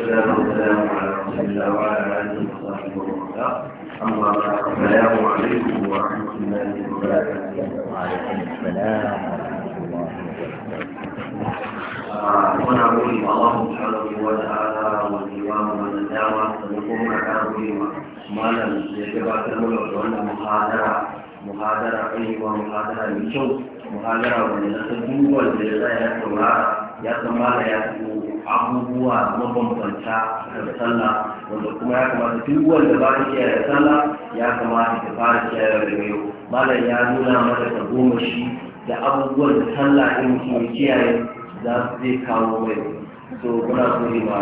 والسلام والسلام على رسول الله وعلى آله وصحبه وسلم أما بعد السلام عليكم ورحمة الله وبركاته وعليكم السلام ورحمة الله وبركاته آه، ونعوذ الله سبحانه وتعالى والإمام والندامة ونقوم بأمرهما ما لم يتبعث الملك وأن محاضرة محاضرة أيوة محاضرة من شوق محاضرة ولنسى الدول لذلك ya da ya fito abubuwa mabambanta da sallah wanda kuma ya kamata duk wanda ba ta kiyaye sallah ya kamata ta fara kiyaye da yau malam ya nuna mata ta goma shi da abubuwan da sallah in ke kiyaye za su zai kawo mai so muna gode ma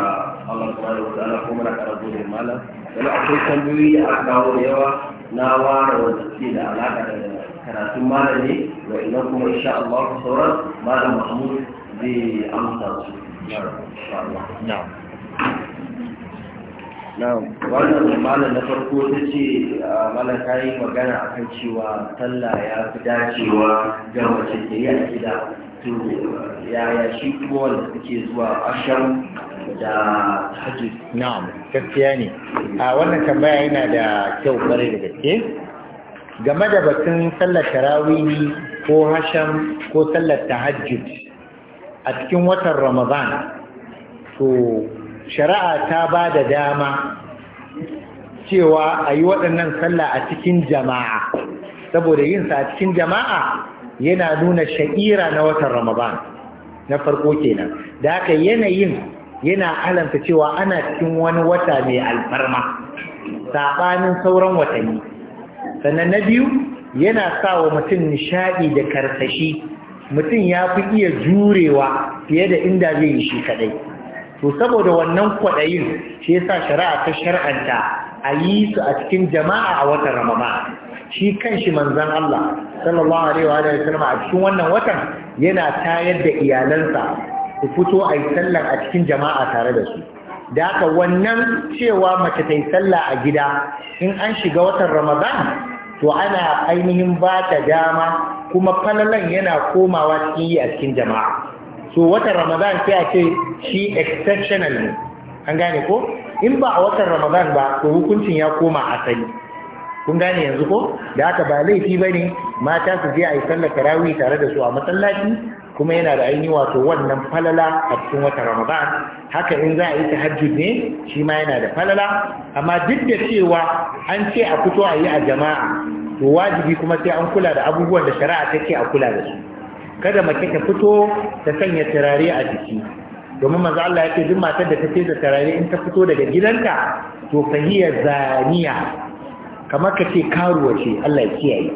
Allah subhanahu wa ta'ala kuma na kara gode malam wani akwai tambayoyi da aka kawo da yawa na ware wanda suke da alaka da karatun malami wa ina kuma insha Allah sauran malam Mahmud zai amsa su na wannan malam na farko ta ce malam ta yi magana akan cewa talla ya fi dacewa ga mace da yi a gida to yaya shi kuma wanda suke zuwa asham da hajji na'am gaskiya ne a wannan tambaya yana da kyau kwarai da gaske game da batun sallar tarawihi ko hasham ko sallar tahajjud a cikin watan ramadan to shari'a ta ba da dama cewa a yi waɗannan sallah a cikin jama'a saboda yin sa a cikin jama'a yana nuna sha'ira na watan ramadan na farko kenan da haka yanayin yana alamta cewa ana cikin wani wata mai alfarma saɓanin sauran watanni sannan na biyu yana sa wa mutum nishaɗi da karsashi mutum ya fi iya jurewa fiye da inda zai yi shi kadai to saboda wannan kwaɗayin shi yasa shari'a ta shar'anta a yi su a cikin jama'a a watan ramama shi kanshi manzon Allah sallallahu alaihi wa sallam a cikin wannan watan yana tayar da iyalansa su fito a yi sallar a cikin jama'a tare da su da haka wannan cewa mace ta yi sallah a gida in an shiga watan ramadan to ana ainihin ba ta dama kuma falalan yana komawa cikin yi a cikin jama'a so watan ramadan sai a ce shi exceptional ne an gane ko in ba a watan ramadan ba to hukuncin ya koma asali kun gane yanzu ko da aka ba laifi ba ne mata su je a yi sallar tarawih tare da su a masallaci kuma yana da ainihi wato wannan falala a cikin watan Ramadan haka in za a yi tahajjud ne shi ma yana da falala amma duk da cewa an ce a fito a yi a jama'a to wajibi kuma sai an kula da abubuwan da shari'a ta ce a kula da su kada mace ta fito ta sanya turare a jiki domin manzo Allah ya ce duk matar da ta ce da turare in ta fito daga gidanta to fahiya zaniya kamar ka ce karuwa ce Allah ya kiyaye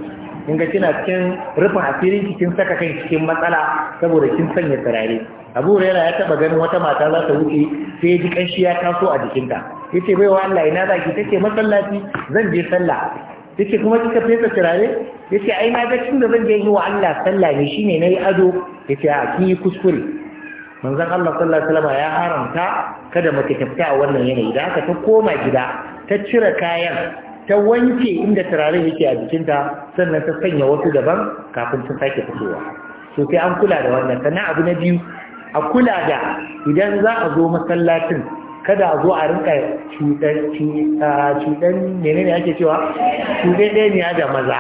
in ga kina cikin rufin asirin kin saka kai cikin matsala saboda kin sanya turare Abu yana ya taba ganin wata mata za ta wuce sai ji kanshi ya taso a jikinta yace baiwa Allah ina zaki tace masallaci zan je sallah yace kuma kika fesa turare yace ai na ga cikin da zan je yi wa Allah sallah ne shine nayi ado yace a kin yi kuskure manzon Allah sallallahu alaihi wasallam ya haramta kada mace ta fita a wannan yanayi da aka ta koma gida ta cire kayan ta wanke inda turare yake a jikinta sannan ta sanya wasu daban kafin ta sake fitowa so sai an kula da wannan sannan abu na biyu a kula da idan za a zo masallacin kada a zo a rinka ne menene ake cewa cutar ɗaya ne da maza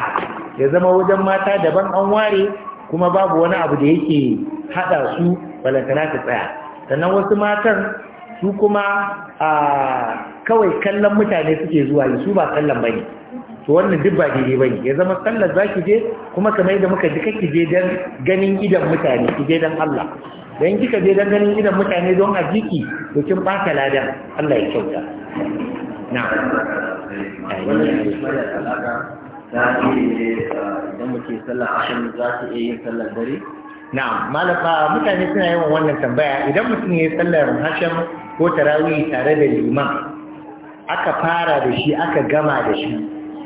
ya zama wajen mata daban an ware kuma babu wani abu da yake haɗa su balantana ta tsaya sannan wasu matan su kuma kawai kallon mutane suke zuwa yi su ba kallon bane to wannan duk ba daidai bane ya zama sallar zaki je kuma kamar da muka ji kake je dan ganin idan mutane ki je dan Allah dan kika je dan ganin idan mutane don a jiki to kin baka lada Allah ya kyauta na idan muke sallar ashan za su iya yin sallar na mutane suna yawan wannan tambaya idan mutum ya yi sallar hasham ko tarawih tare da liman aka fara da shi aka gama da shi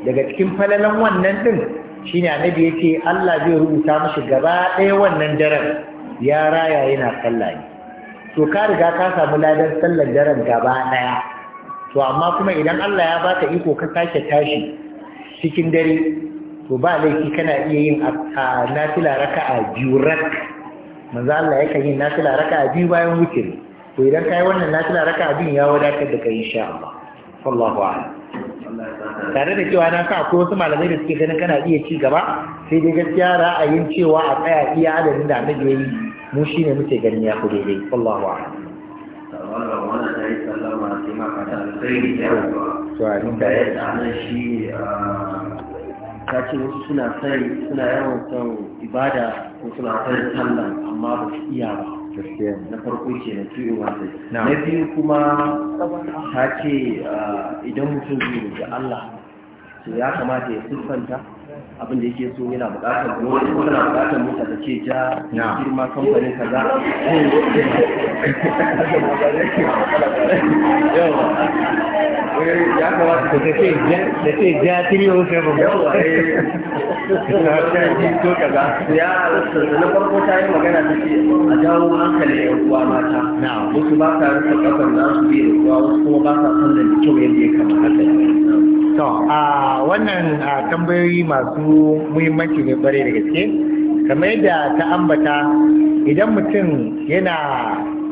daga cikin falalan wannan din shine annabi yake Allah zai rubuta mashi gaba ɗaya wannan daren ya raya yana sallah ne to ka riga ka samu ladan sallar daren gaba daya to amma kuma idan Allah ya baka iko ka sake tashi cikin dare to ba laifi kana iya yin nafila raka'a biyu rak manzo Allah yakan yin nafila raka'a biyu bayan wuce to idan kai wannan nafila raka'a biyu ya wadatar da kai insha Allah sallallahu alaihi tare da cewa na sa akwai wasu malamai da suke ganin kana iya ci gaba sai dai gaskiya ra'ayin cewa a tsaya iya adadin da annabi yayi mu shi ne muke ganin ya fi daidai wallahu a'lam ta ce wasu suna sai suna yawan son ibada ko suna sai sallan amma ba su iya ba na farko ce na tuyo wanda na biyu kuma ta ce ah, idan mutum zai da Allah to ya kamata ya siffanta abin da yake so yana bukatar mota ko tana bukatar mota da ce ja girma kamfanin kaza eh, ya kamata da ce da ce ja tiriyo oh seven eh. ko kaza ya na farko ta yi magana ta ce a jawo hankalin yan uwa mata wasu ba sa rasa kafar na biyu wasu kuma ba sa san da kyau yadda ya kamata to a wannan tambayoyi masu muhimmanci ne kwarai da gaske kamar yadda ta ambata idan mutum yana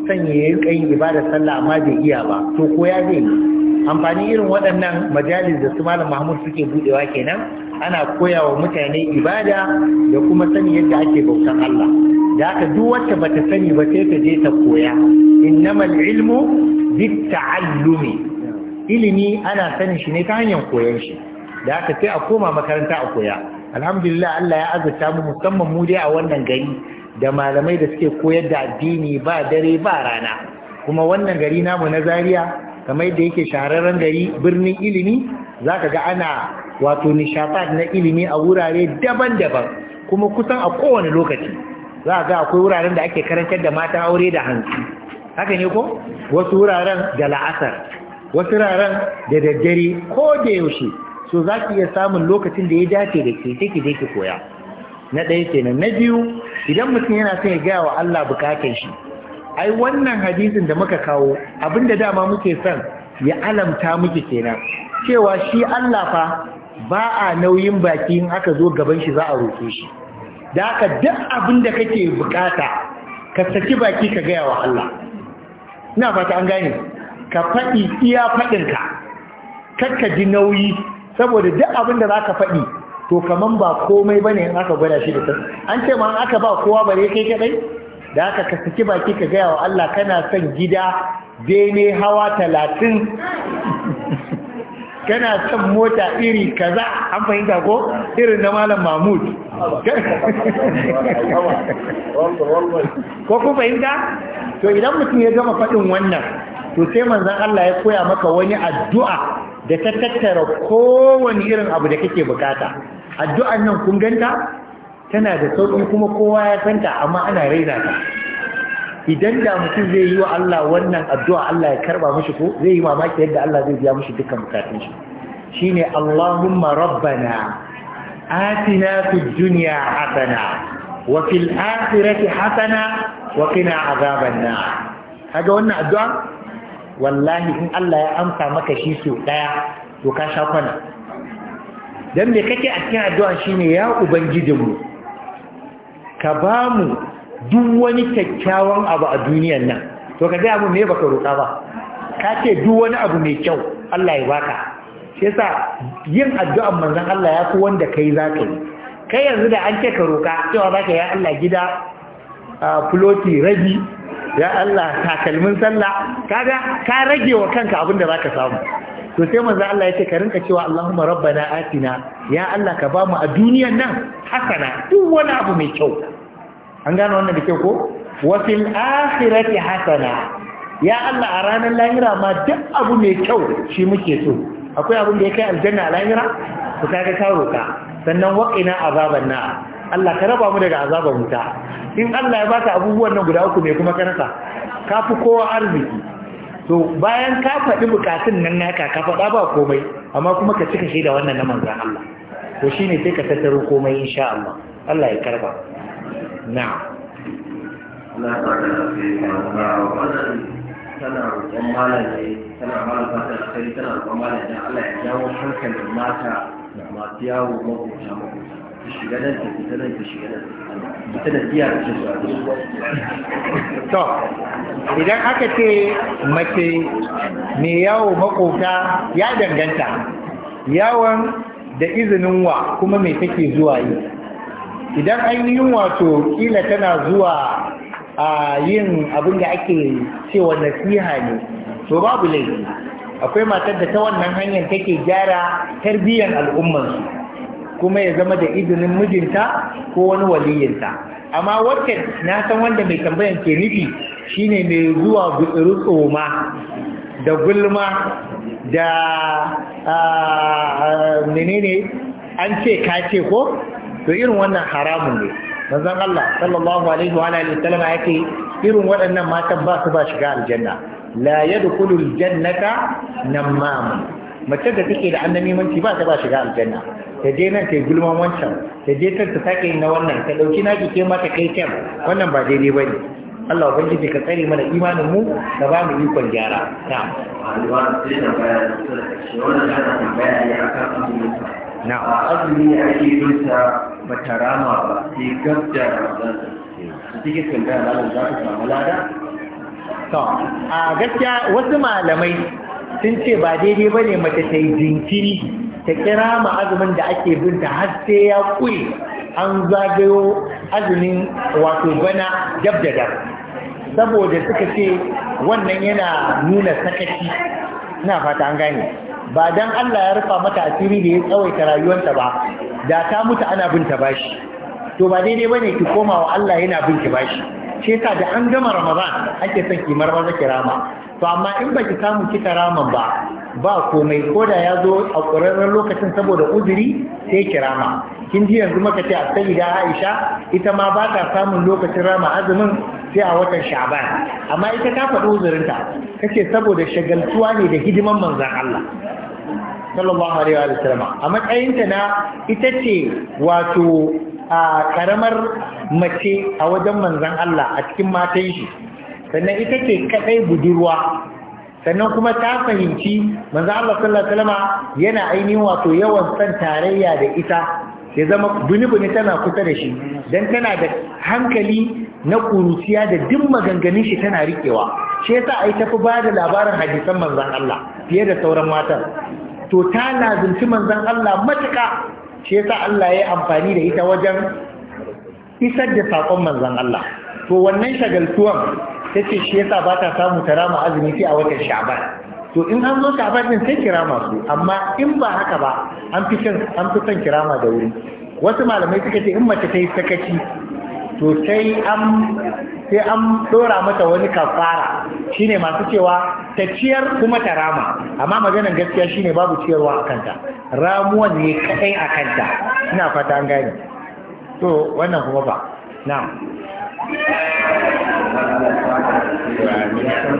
sanya ya rika yin ibada sallah amma bai iya ba to ko ya zai amfani irin waɗannan majalis da su malam mahmud suke buɗewa kenan ana koya wa mutane ibada da kuma sani yadda ake bautan Allah da haka duk wacce bata sani ba sai ta je ta koya innamal ilmu bit ta'allumi ilimi ana sanin shi ne ta hanyar koyon shi da aka sai a koma makaranta a koya alhamdulillah Allah ya azurta mu musamman mu dai a wannan gari da malamai da suke koyar da addini ba dare ba rana kuma wannan gari namu na Zaria kamar yadda yake shahararren gari birnin ilimi zaka ga ana wato nishafat na ilimi a wurare daban-daban kuma kusan a kowane lokaci za a ga akwai wuraren da ake karantar da mata aure da hantsi haka ne ko wasu wuraren da la'asar wasu raran da daddare ko da yaushe so za ki iya samun lokacin da ya dace da ke take da ke koya na ɗaya kenan na biyu idan mutum yana son ya gaya wa Allah bukatar shi ai wannan hadisin da muka kawo abinda dama muke son ya alamta muke kenan cewa shi Allah fa ba a nauyin baki in aka zo gaban shi za a roƙe shi da haka duk da kake bukata ka saki baki ka gaya wa Allah ina fata an gane ka faɗi iya faɗinka kakka ji nauyi saboda duk abin da za ka faɗi to kamar ba komai bane in aka gwada shi da ta. an ce ma an aka ba kowa bare kai kaɗai, da aka ka saki baki ka gaya wa Allah kana son gida dene hawa talatin kana son mota iri kaza an fahimta ko irin na malam mahmud ko ku fahimta to idan mutum ya gama faɗin wannan to sai manzon Allah ya koya maka wani addu'a da ta tattara kowane irin abu da kake bukata addu'an nan kun ganta tana da sauƙi kuma kowa ya santa amma ana raina ta idan da mutum zai yi wa Allah wannan addu'a Allah ya karba mishi ko zai yi mamaki yadda Allah zai biya mishi dukkan bukatun shi shine Allahumma rabbana atina fid dunya hasana wa fil akhirati hasana wa qina azaban nar kaga wannan addu'a wallahi in Allah ya amsa maka shi so daya to ka sha kwana dan me kake a cikin addu'a shine ya mu ka ba mu duk wani kyakkyawan abu a duniyar nan to ka ga abu me baka roƙa ba ka ce duk wani abu mai kyau Allah ya baka shi yasa yin addu'an manzon Allah ya fi wanda kai zaka yi kai yanzu da an ce ka roƙa cewa zaka ya Allah gida a fuloti rabi ya Allah takalmin sallah kaga ka rage wa kanka abin da zaka samu to sai manzo Allah yake ka rinka cewa Allahumma rabbana atina ya Allah ka bamu a duniyar nan hasana duk wani abu mai kyau an gane wannan da kyau ko wa fil akhirati hasana ya Allah a ranar lahira ma duk abu mai kyau shi muke so akwai abin da ya kai aljanna a lahira ku kaga ka roka sannan waqina azaban na Allah ka raba mu daga azaban wuta in Allah ya baka abubuwan nan guda uku mai kuma karasa ka fi kowa arziki to bayan ka faɗi bukatun nan naka ka faɗa ba komai amma kuma ka cika shi da wannan na manzan Allah to ne sai ka tattaro komai insha Allah Allah ya karba Na. Allah ya karba tana roƙon malamai tana malama ta kai tana roƙon malamai Allah ya jawo hankalin mata masu yawo mabuta mabuta idan aka ce mace mai yawo makota ya danganta yawon da izinin wa kuma mai take zuwa yi idan an yi yunwa to kila tana zuwa a yin abin da ake cewa nasiha ne to babu laifi akwai matar da ta wannan hanyar take gyara tarbiyyar al'ummansu. kuma ya zama da izinin mijinta ko wani waliyinta amma wacce na san wanda mai tambayan ke nufi shine mai zuwa gutsuru tsoma da gulma da menene an ce ka ce ko to irin wannan haramun ne manzon Allah sallallahu alaihi wa alihi wasallam yake irin waɗannan matan ba su ba shiga aljanna la yadkhulul jannata namam mace da take da annamimanci ba ta ba shiga aljanna ta je nan ta gulman wancan ta je ta ta sake na wannan ta dauki naki ke mata kai kyan wannan ba daidai ba ne Allah ubangiji ka tsare mana imanin mu ka ba mu ikon gyara ta na azumi ake yin sa bata rama ba sai gab da ramadan su take da malam za ta samu lada to a gaskiya wasu malamai sun ce ba daidai ba ne mace ta yi jinkiri ta kira ma azumin da ake binta har sai ya kure an zagayo azumin wato bana dab da dab saboda suka ce wannan yana nuna sakaci na fata an gane ba dan Allah ya rufa mata asiri da ya tsawaita rayuwarta ba da ta mutu ana binta bashi to ba daidai bane ki koma wa Allah yana binki bashi shi yasa da an gama Ramadan ake son ki zaki rama to amma in baki samu kika raman ba ba komai ko da ya zo a ƙwararren lokacin saboda uzuri sai ki rama kin ji yanzu muka ce a da Aisha ita ma ba ta samun lokacin rama azumin sai a watan Sha'ban amma ita ta faɗi uzurinta kace saboda shagaltuwa ne da hidiman manzon Allah sallallahu alaihi wa sallam a matsayinta na ita ce wato a karamar mace a wajen manzon Allah a cikin matan shi sannan ita ce kadai budurwa sannan kuma ta fahimci manzo Allah sallallahu alaihi wasallam yana ainihin wato yawan san tarayya da ita ya zama buni-buni tana kusa da shi dan tana da hankali na kuruciya da duk maganganun shi tana rikewa shi yasa ai tafi ba da labarin hadisan manzon Allah fiye da sauran matan to ta lazimci manzon Allah matuka shi yasa Allah ya amfani da ita wajen isar da sakon manzon Allah to wannan shagaltuwan ta ce shi yasa ba ta samu ta rama azumi sai a watan sha'ban to in an zo sha'ban din sai kirama su amma in ba haka ba an fi son an fi son kirama da wuri wasu malamai suka ce in mace ta yi sakaci to sai an sai an dora mata wani kafara shine masu cewa ta ciyar kuma ta rama amma maganar gaskiya shine babu ciyarwa a kanta ramuwan ne kadai a kanta ina fata an gane to wannan kuma ba na Gracias.